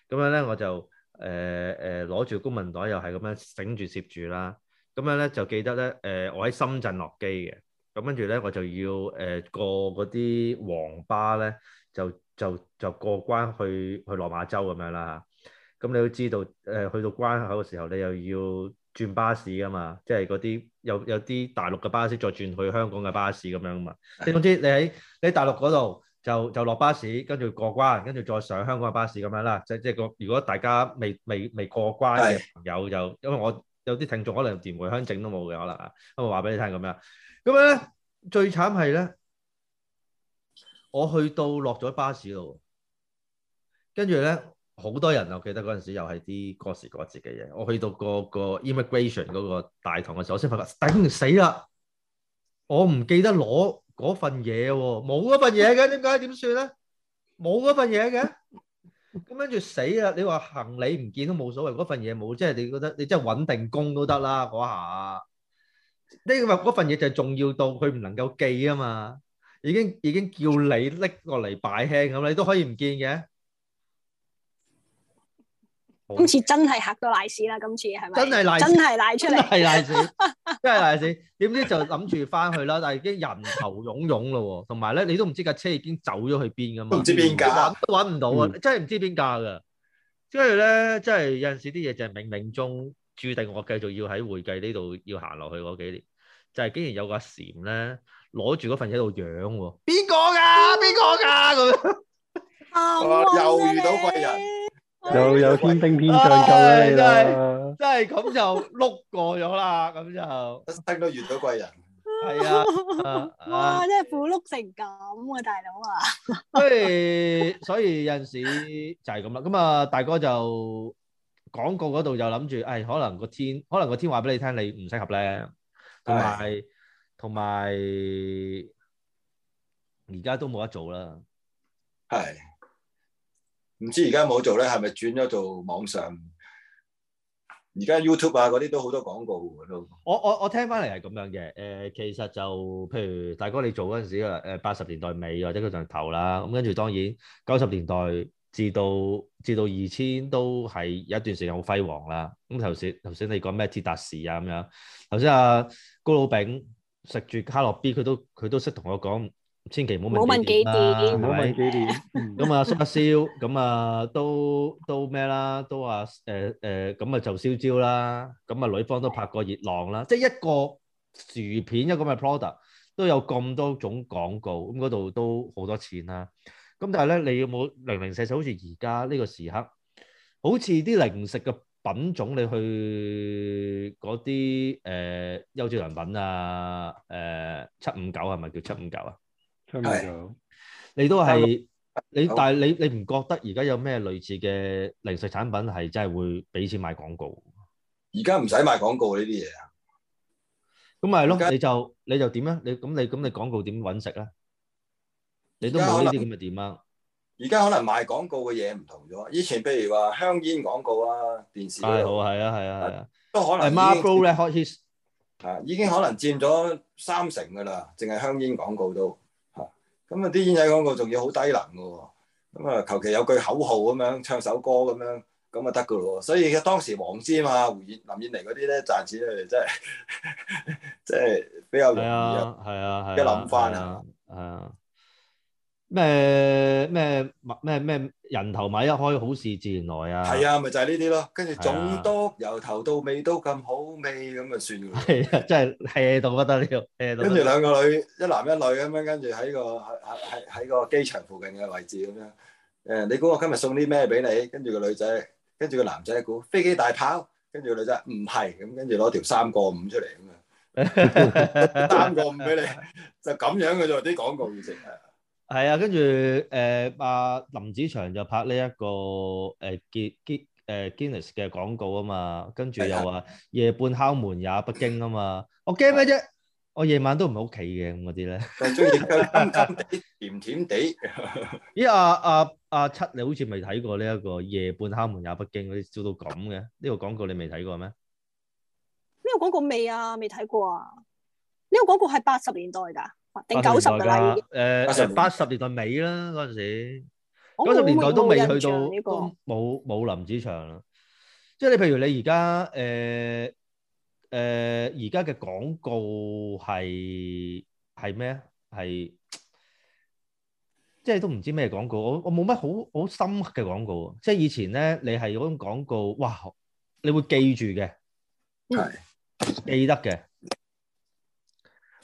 咁樣咧，我就誒誒攞住公文袋又係咁樣醒住攝住啦，咁樣咧就記得咧誒、呃，我喺深圳落機嘅，咁跟住咧我就要誒、呃、過嗰啲黃巴咧，就就就過關去去羅馬州咁樣啦。咁你都知道誒、呃，去到關口嘅時候，你又要轉巴士噶嘛，即係嗰啲。有有啲大陸嘅巴士再轉去香港嘅巴士咁樣啊嘛，你係總之你喺你喺大陸嗰度就就落巴士，跟住過關，跟住再上香港嘅巴士咁樣啦。即即係個如果大家未未未過關嘅朋友就，因為我有啲聽眾可能連回鄉證都冇嘅可能啊，咁我話俾你聽咁樣。咁樣咧最慘係咧，我去到落咗巴士度，跟住咧。好多人啊！我記得嗰陣時又係啲過時過節嘅嘢。我去到個個 immigration 嗰個大堂嘅時候，我先發覺頂死啦！我唔記得攞嗰份嘢喎，冇嗰份嘢嘅，點解？點算啊？冇嗰份嘢嘅，咁跟住死啦！你話行李唔見都冇所謂，嗰份嘢冇，即係你覺得你真係揾定工都得啦嗰下。你話嗰份嘢就係重要到佢唔能夠記啊嘛，已經已經叫你搦落嚟擺輕咁啦，你都可以唔見嘅。今次真係嚇到瀨屎啦！今次係咪真係瀨真係瀨出嚟，真係瀨屎，真係瀨屎。點知就諗住翻去啦，但係已經人頭湧湧咯，同埋咧你都唔知架車已經走咗去邊噶嘛，都唔知邊架，搵都搵唔到啊！真係唔知邊架噶。跟住咧，真係有陣時啲嘢就係冥冥中注定，我繼續要喺會計呢度要行落去嗰幾年。就係竟然有個禪咧，攞住嗰份嘢喺度養喎，邊個噶？邊個噶？咁啊，又遇到貴人。又又天兵天將出嚟啦，真係咁就碌過咗啦，咁就聽到遇到貴人，係啊，哇，真係苦碌成咁啊，大佬啊，所以所以有陣時就係咁啦，咁啊大哥就廣告嗰度就諗住，誒，可能個天，可能個天話俾你聽，你唔適合咧，同埋同埋而家都冇得做啦，係。唔知而家冇做咧，係咪轉咗做網上？而家 YouTube 啊，嗰啲都好多廣告喎都。我我我聽翻嚟係咁樣嘅，誒、呃，其實就譬如大哥你做嗰陣時啊，誒八十年代尾或者嗰陣頭啦，咁、嗯、跟住當然九十年代至到至到二千都係有一段時間好輝煌啦。咁頭先頭先你講咩鐵達士啊咁樣，頭先阿高老餅食住卡樂 B，佢都佢都識同我講。千祈唔好問幾點，唔好問幾點咁啊！燒一燒咁啊，都都咩啦？都話誒誒咁啊，就燒焦啦。咁啊，女方都拍過熱浪啦，即係一個薯片一個咁嘅 product 都有咁多種廣告咁，嗰度都好多錢啦。咁但係咧，你有冇零零細細好似而家呢個時刻，好似啲零食嘅品種，你去嗰啲誒優之良品啊，誒七五九係咪叫七五九啊？係，你都係你，但係你你唔覺得而家有咩類似嘅零食產品係真係會俾錢買廣告？而家唔使買廣告呢啲嘢啊，咁咪係咯？你就你就點啊？你咁你咁你廣告點搵食咧？你都冇呢啲咁嘅點啊？而家可能賣廣告嘅嘢唔同咗，以前譬如話香煙廣告啊，電視啊，好係啊係啊係啊，都可能。Marlboro 咧開始吓，已經可能佔咗三成噶啦，淨係香煙廣告都。咁啊啲演仔講過，仲要好低能嘅喎，咁啊求其有句口號咁樣，唱首歌咁樣，咁就得嘅咯喎，所以嘅當時黃霑啊、胡燕、林燕妮嗰啲咧賺錢咧真係，真係比較容易啊，係啊，一諗翻啊，啊。咩咩咩咩人頭馬一開，好事自然來啊！係啊，咪就係呢啲咯。跟住總督由頭到尾都咁好味，咁咪算。係啊，真係氣到不得了。誒，跟住兩個女，一男一女咁樣，跟住喺個喺喺喺個機場附近嘅位置咁樣。誒，你估我今日送啲咩俾你？跟住個女仔，跟住個男仔估飛機大炮，跟住個女仔唔係，咁跟住攞條三個五出嚟咁樣，三個五俾你，就咁樣嘅啫，啲廣告成啊。係啊，跟住誒阿林子祥就拍呢、這、一個誒吉誒 Guinness 嘅廣告啊嘛，跟住又話夜半敲門也不驚啊嘛，我驚咩啫？ 我夜晚都唔喺屋企嘅咁啲咧，甜甜地咦？阿阿阿七你好似未睇過呢、這、一個夜半敲門也不驚嗰啲做到咁嘅呢個廣告，你未睇過咩？呢、啊啊這個廣告未啊？未睇過啊？呢個廣告係八十年代㗎。九十年代，誒八十年代尾啦，嗰陣時，九十年代都未去到，這個、都冇冇林子祥啦。即係你，譬如你而家，誒、呃、誒，而家嘅廣告係係咩啊？係即係都唔知咩廣告。我我冇乜好好深刻嘅廣告。即係以前咧，你係嗰種廣告，哇！你會記住嘅，係、嗯、記得嘅。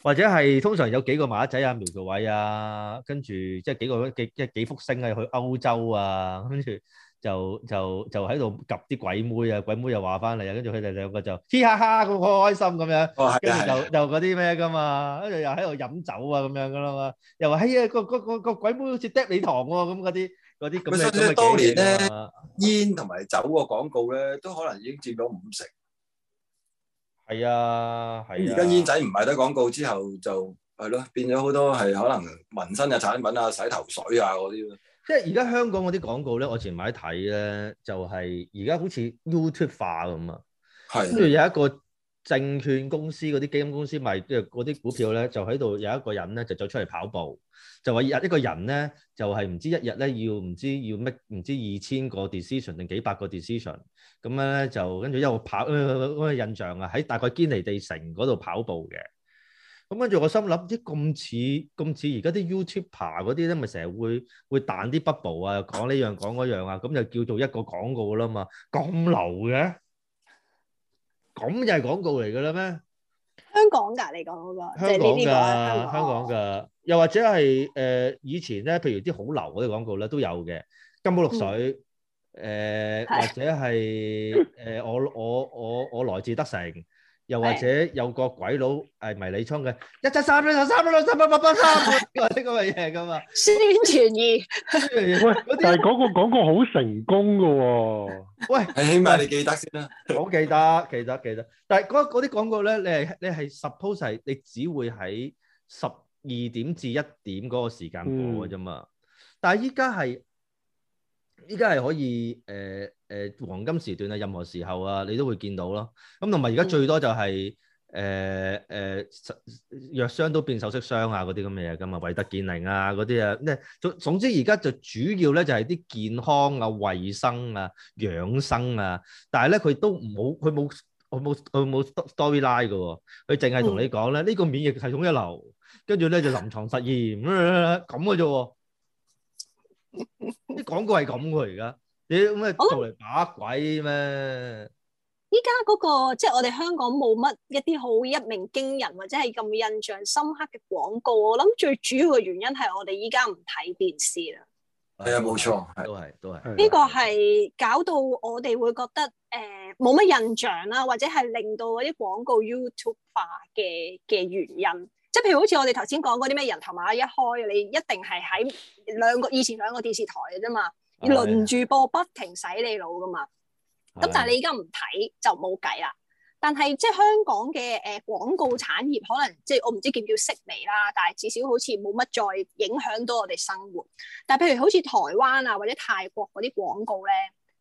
或者係通常有幾個馬仔啊、苗僑偉啊，跟住即係幾個幾即係幾福星啊去歐洲啊，跟住就就就喺度及啲鬼妹啊，鬼妹又話翻嚟啊，跟住佢哋兩個就嘻嘻哈哈咁開心咁樣，跟住就就嗰啲咩噶嘛，跟住又喺度飲酒啊咁樣噶啦嘛，又話哎呀個個個個鬼妹好似嗒你糖喎咁嗰啲嗰啲咁嘅。咁所以當年咧煙同埋酒個廣告咧都可能已經佔咗五成。係啊，而家煙仔唔賣得廣告之後就係咯，啊，變咗好多係可能民生嘅產品啊、洗頭水啊嗰啲咯。即係而家香港嗰啲廣告咧，我前排睇咧就係而家好似 YouTube 化咁啊，跟住的有一個。證券公司嗰啲基金公司賣即嗰啲股票咧，就喺度有一個人咧就走出嚟跑步，就話日一個人咧就係、是、唔知一日咧要唔知要乜唔知二千個 decision 定幾百個 decision，咁咧就跟住又跑，我、呃呃呃呃、印象啊喺大概堅尼地城嗰度跑步嘅，咁跟住我心諗咦，咁似咁似而家啲 YouTuber 嗰啲咧咪成日會會彈啲 bubble 啊，講呢樣講嗰樣啊，咁、那個那個、就叫做一個廣告啦嘛，咁流嘅。咁就係廣告嚟嘅啦咩？香港㗎、嗰個，你講嗰個香港㗎，香港㗎，港又或者係誒、呃、以前咧，譬如啲好流嗰啲廣告咧都有嘅，金寶綠水誒，或者係誒、呃、我我我我來自德成。又或者有個鬼佬係對 迷你倉嘅一七三六三六三八八八三嗰啲咁嘅嘢噶嘛，宣傳二喂嗰啲，但係嗰個廣告好成功噶喎。喂，係起碼你記得先啦，我記得記得記得。但係嗰嗰啲廣告咧，你係你係 suppose 係你只會喺十二點至一點嗰個時間播嘅啫嘛。但係依家係。依家係可以，誒、呃、誒、呃、黃金時段啊，任何時候啊，你都會見到咯。咁同埋而家最多就係，是，誒、呃、誒、呃、藥商都變首飾商啊，嗰啲咁嘅嘢咁嘛，維特健靈啊嗰啲啊，咩總、啊、總之而家就主要咧就係，是、啲健康啊、衞生啊、養生啊，但係咧佢都冇，佢冇，佢冇，佢冇 storyline 噶喎，佢淨係同你講咧呢、嗯、個免疫系統一流，跟住咧就臨床實驗咁嘅啫喎。啊啲廣告係咁嘅而家，你咁啊做嚟打鬼咩？依家嗰個即係我哋香港冇乜一啲好一鳴驚人或者係咁印象深刻嘅廣告。我諗最主要嘅原因係我哋依家唔睇電視啦。係啊，冇錯，都係都係。呢個係搞到我哋會覺得誒冇乜印象啦，或者係令到嗰啲廣告 YouTube 化嘅嘅原因。即係譬如好似我哋頭先講嗰啲咩人頭馬一開，你一定係喺兩個以前兩個電視台嘅啫嘛，的輪住播不停洗你腦噶嘛。咁的但係你而家唔睇就冇計啦。但係即係香港嘅誒、呃、廣告產業，可能即係我唔知叫唔叫式微啦，但係至少好似冇乜再影響到我哋生活。但係譬如好似台灣啊或者泰國嗰啲廣告咧，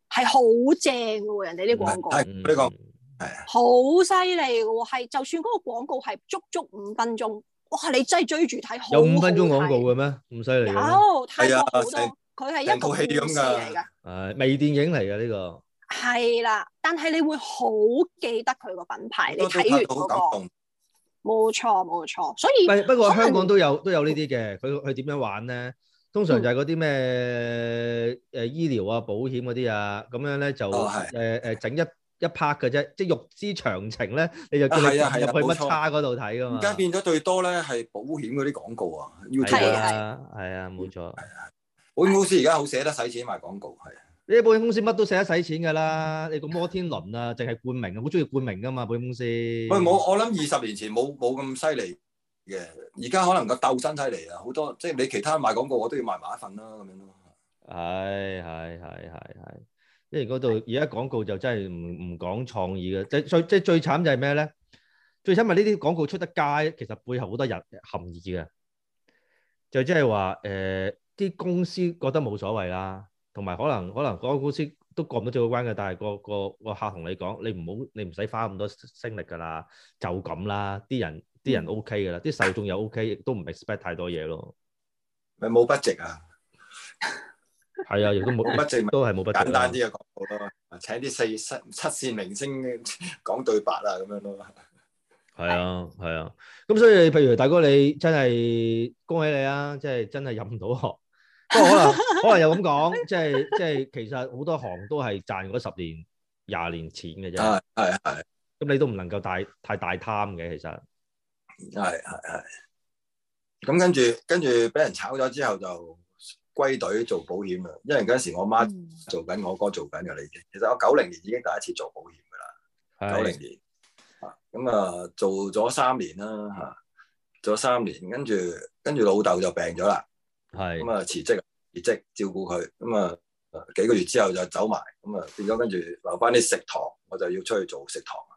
係好正嘅喎，人哋啲廣告。好犀利喎！係就算嗰個廣告係足足五分鐘，哇！你真係追住睇，好，有五分鐘廣告嘅咩？唔犀利，有，睇啊，好多，佢係一套戲咁噶係微電影嚟㗎，呢個係啦。但係你會好記得佢個品牌，你睇完嗰個，冇錯冇錯。所以不過香港都有都有呢啲嘅，佢佢點樣玩咧？通常就係嗰啲咩誒醫療啊、保險嗰啲啊，咁樣咧就誒誒整一。一 part 嘅啫，即係欲知詳情咧，你就叫你入去乜叉嗰度睇噶嘛。而家變咗最多咧，係保險嗰啲廣告啊，係啊，係啊，冇錯。係啊，保險公司而家好捨得使錢賣廣告，係啊。呢啲保險公司乜都捨得使錢噶啦，你個摩天輪啊，淨係冠名啊，好中意冠名噶嘛，保險公司。喂，冇，我諗二十年前冇冇咁犀利嘅，而家可能個鬥真犀利啊，好多即係你其他賣廣告，我都要賣埋一份啦，咁樣咯。係係係係係。即係嗰度，而家廣告就真係唔唔講創意嘅，最最即係最慘就係咩咧？最慘係呢啲廣告出得街，其實背後好多人含義嘅，就即係話誒啲公司覺得冇所謂啦，同埋可能可能嗰個公司都過唔到最後關嘅，但係個個個客同你講，你唔好你唔使花咁多精力㗎啦，就咁啦，啲人啲人 OK 㗎啦，啲受眾又 OK，亦都唔 expect 太多嘢咯。咪冇筆值啊！ 係啊，亦都冇乜證都係冇乜簡單啲啊，講好多啊，請啲四七線明星講對白啊，咁樣咯。係啊，係啊，咁、啊、所以譬如大哥你真係恭喜你啊，即係真係入唔到行，不過可能可能又咁講，即係即係其實好多行都係賺嗰十年廿年錢嘅啫，係。係咁你都唔能夠大太大貪嘅，其實係係係，咁跟住跟住俾人炒咗之後就。歸隊做保險啊，因為嗰時我媽做緊，我哥做緊嘅。你已經。其實我九零年已經第一次做保險噶啦，九零是年，咁啊做咗三年啦吓，做咗三年，跟住跟住老豆就病咗啦，係咁啊辭職，辭職照顧佢，咁啊幾個月之後就走埋，咁啊變咗跟住留翻啲食堂，我就要出去做食堂啊，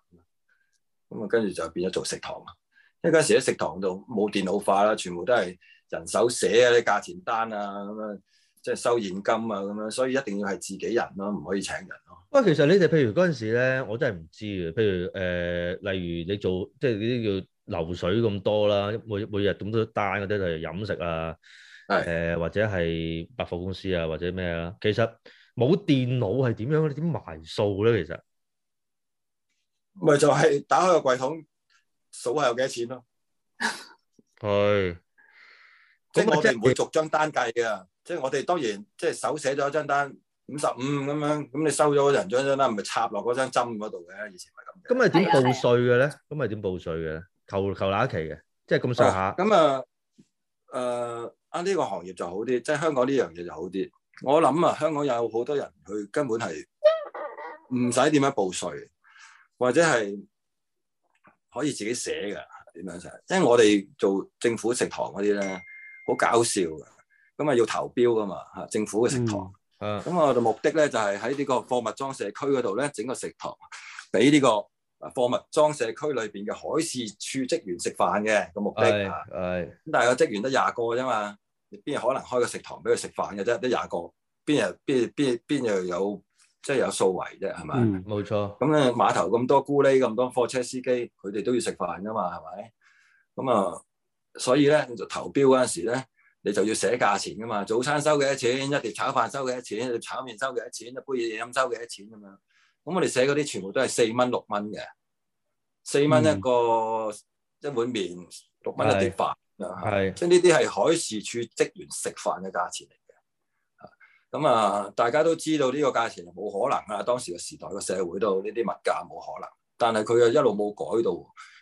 咁啊跟住就變咗做食堂，因為嗰時喺食堂度冇電腦化啦，全部都係。人手寫啊啲價錢單啊咁啊，即係收現金啊咁樣，所以一定要係自己人咯，唔可以請人咯。哇，其實你哋譬如嗰陣時咧，我真係唔知啊。譬如誒，例如你做即係嗰啲叫流水咁多啦，每每日咁多單嗰啲例如飲食啊，誒或者係百貨公司啊或者咩啊，其實冇電腦係點樣咧？你點埋數咧？其實咪就係打開個櫃桶數下有幾多錢咯，係。我哋唔會逐張單計嘅，即係我哋當然即係手寫咗一張單五十五咁樣，咁你收咗人張張單，咪插落嗰張針嗰度嘅，以前係咁。咁咪點報稅嘅咧？咁咪點報稅嘅咧？求求哪期嘅？即係咁上下。咁、呃、啊，誒啊，呢個行業就好啲，即係香港呢樣嘢就好啲。我諗啊，香港有好多人佢根本係唔使點樣報稅，或者係可以自己寫嘅，點樣寫？因為我哋做政府食堂嗰啲咧。好搞笑嘅，咁啊要投標噶嘛嚇，政府嘅食堂，咁、嗯嗯、我哋目的咧就係、是、喺呢個貨物裝卸區嗰度咧整個食堂個，俾呢個貨物裝卸區裏邊嘅海事處職員食飯嘅個目的係咁，嗯嗯、但係個職員得廿個啫嘛，邊有可能開個食堂俾佢食飯嘅啫？得廿個，邊又邊邊邊又有即係有數圍啫？係咪？冇錯、嗯。咁咧碼頭咁多咕喱呢，咁多貨車司機，佢哋都要食飯噶嘛？係咪？咁啊。嗯嗯嗯嗯所以咧，就投標嗰陣時咧，你就要寫價錢噶嘛。早餐收幾多錢？一碟炒飯收幾多錢？一碟炒麵收幾多錢？一杯嘢飲收幾多錢咁樣。咁我哋寫嗰啲全部都係四蚊六蚊嘅，四蚊一個、嗯、一碗麵，六蚊一碟飯。係。即係呢啲係海事處職員食飯嘅價錢嚟嘅。咁啊，啊，大家都知道呢個價錢係冇可能啊。當時個時代個社會度呢啲物價冇可能。但係佢又一路冇改到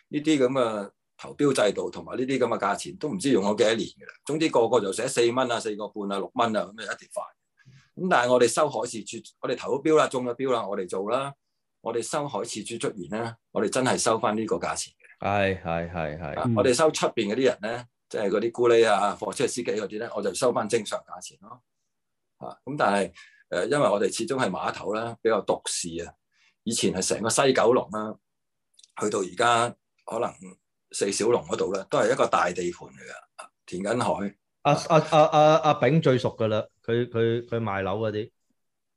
呢啲咁嘅。這投標制度同埋呢啲咁嘅價錢都唔知用咗幾多年嘅啦。總之個個就寫四蚊啊、四個半啊、六蚊啊，咁樣一碟飯。咁但係我哋收海事處，我哋投咗標啦，中咗標啦，我哋做啦，我哋收海事處出完咧，我哋真係收翻呢個價錢嘅。係係係係，我哋收出邊嗰啲人咧，即係嗰啲咕喱啊、貨車司機嗰啲咧，我就收翻正常價錢咯。啊，咁但係誒、呃，因為我哋始終係碼頭啦，比較獨市啊。以前係成個西九龍啦，去到而家可能。四小龍嗰度咧，都係一個大地盤嚟噶，填緊海。阿阿阿阿阿炳最熟噶啦，佢佢佢賣樓嗰啲。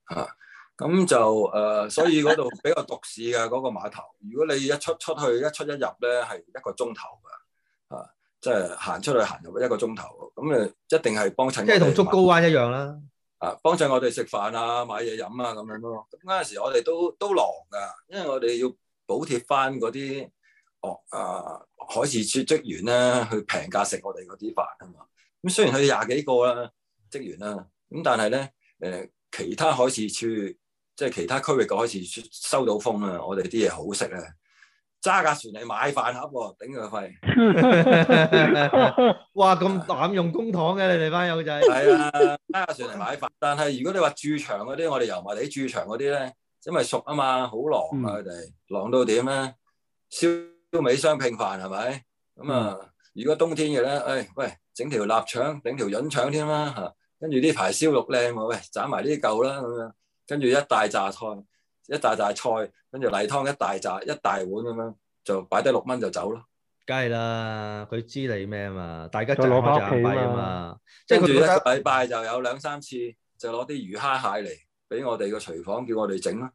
吓、啊，咁就誒、啊，所以嗰度比較獨市嘅嗰個碼頭。如果你一出出去，一出一入咧，係一個鐘頭噶。吓、啊，即係行出去行入一個鐘頭，咁啊一定係幫襯。即係同竹篙灣一樣啦。啊，幫襯、啊、我哋食飯啊，買嘢飲啊，咁樣咯。咁嗰陣時我哋都都狼噶，因為我哋要補貼翻嗰啲。哦，啊，海事處職員咧，去平價食我哋嗰啲飯啊嘛。咁雖然佢廿幾個啦，職員啦、啊，咁但係咧，誒，其他海事處，即係其他區域嘅海事處，收到風啦，我哋啲嘢好食啊，揸架船嚟買飯盒、啊，頂佢肺。 哇，咁濫用公帑嘅你哋班友仔。係 啊，揸架船嚟買飯。但係如果你話駐場嗰啲，我哋油麻地駐場嗰啲咧，因為熟啊嘛，好狼啊佢哋，狼到點咧，燒燒味雙拼飯係咪？咁啊，如果冬天嘅咧，誒、哎、喂，整條臘腸，整條膶腸添啦吓，跟住呢排燒肉靚，喂斬埋呢啲嚿啦咁樣，跟住一大扎菜，一大扎菜，跟住例湯一大扎，一大碗咁樣，就擺低六蚊就走咯。梗係啦，佢知你咩啊嘛，大家真係賺翻錢啊嘛，即係佢一個禮拜就有兩三次就，就攞啲魚蝦蟹嚟俾我哋個廚房，叫我哋整啦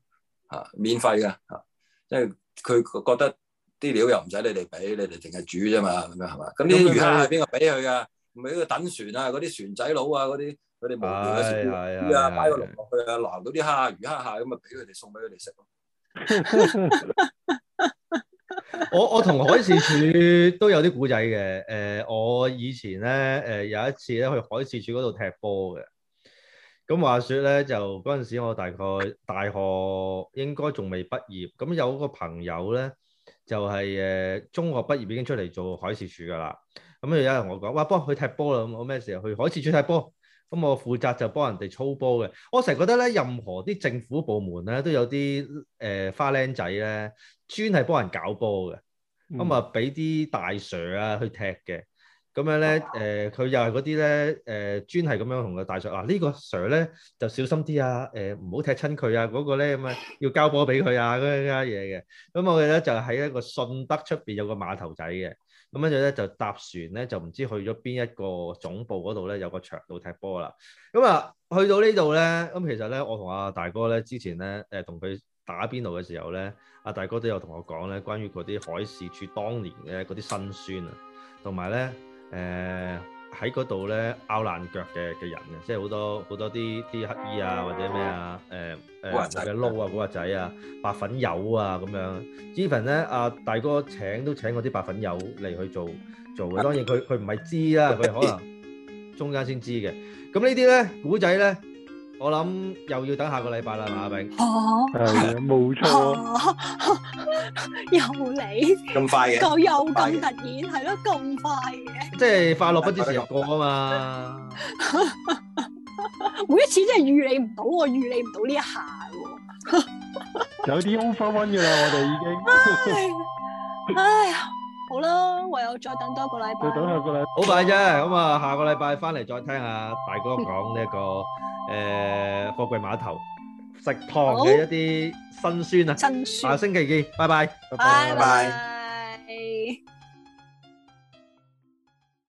吓，免費嘅吓，因為佢覺得。啲料又唔使你哋俾，你哋淨係煮啫嘛，咁樣係嘛？咁啲嗎魚蝦係邊個俾佢㗎？唔係呢個等船啊，嗰啲船仔佬啊，嗰啲佢哋無聊嗰時，係啊、哎呀，買個籠落去啊，攔到啲蝦魚蝦蟹咁咪俾佢哋送俾佢哋食咯。我我同海事處都有啲古仔嘅，誒、呃，我以前咧誒、呃、有一次咧去海事處嗰度踢波嘅，咁話説咧就嗰陣時我大概大學應該仲未畢業，咁有個朋友咧，就係、是、誒中學畢業已經出嚟做海事處㗎啦。咁咧有人同我講，哇，幫佢踢波啦，咁我咩事啊？去海事處踢波。咁我負責就幫人哋操波嘅。我成日覺得咧，任何啲政府部門咧都有啲誒、呃、花僆仔花靚仔咧，專係幫人搞波嘅。咁啊、嗯，俾啲大 Sir 啊去踢嘅。咁、呃呃、樣咧，誒佢又係嗰啲咧，誒專係咁樣同佢大 Sir 話呢個 Sir 咧就小心啲啊，誒唔好踢親佢啊，嗰、那個咧咁啊要交波俾佢啊，咁樣嘢嘅。咁我哋咧就喺、是、一個順德出邊有個碼頭仔嘅，咁跟住咧就搭船咧就唔知去咗邊一個總部嗰度咧有個場度踢波啦。咁啊去到呢度咧，咁其實咧我同阿大哥咧之前咧誒同佢打邊爐嘅時候咧，阿、啊、大哥都有同我講咧關於嗰啲海事處當年嘅嗰啲辛酸啊，同埋咧。誒喺嗰度咧拗爛腳嘅嘅人嘅，即係好多好多啲啲乞兒啊或者咩啊，誒誒嘅撈啊古惑仔啊白粉友啊咁樣。Even 咧阿大哥請都請嗰啲白粉友嚟去做做嘅，當然佢佢唔係知啦，佢可能中間先知嘅。咁呢啲咧古仔咧。我諗又要等下個禮拜啦，係嘛，阿炳？吓，係冇錯。又嚟咁快嘅？又咁突然，係咯咁快嘅？即係快樂不知時日過啊嘛！每一次真係預你唔到，我預你唔到呢一下喎。有啲 overrun 噶啦，我哋已經。哎呀！好啦，唯有再等多一個禮拜。再等下個禮拜。好快啫，咁啊，下個禮拜翻嚟再聽下，大哥講呢一個誒貨櫃碼頭食堂嘅一啲辛酸啊。辛酸。下星期見，拜拜，拜拜。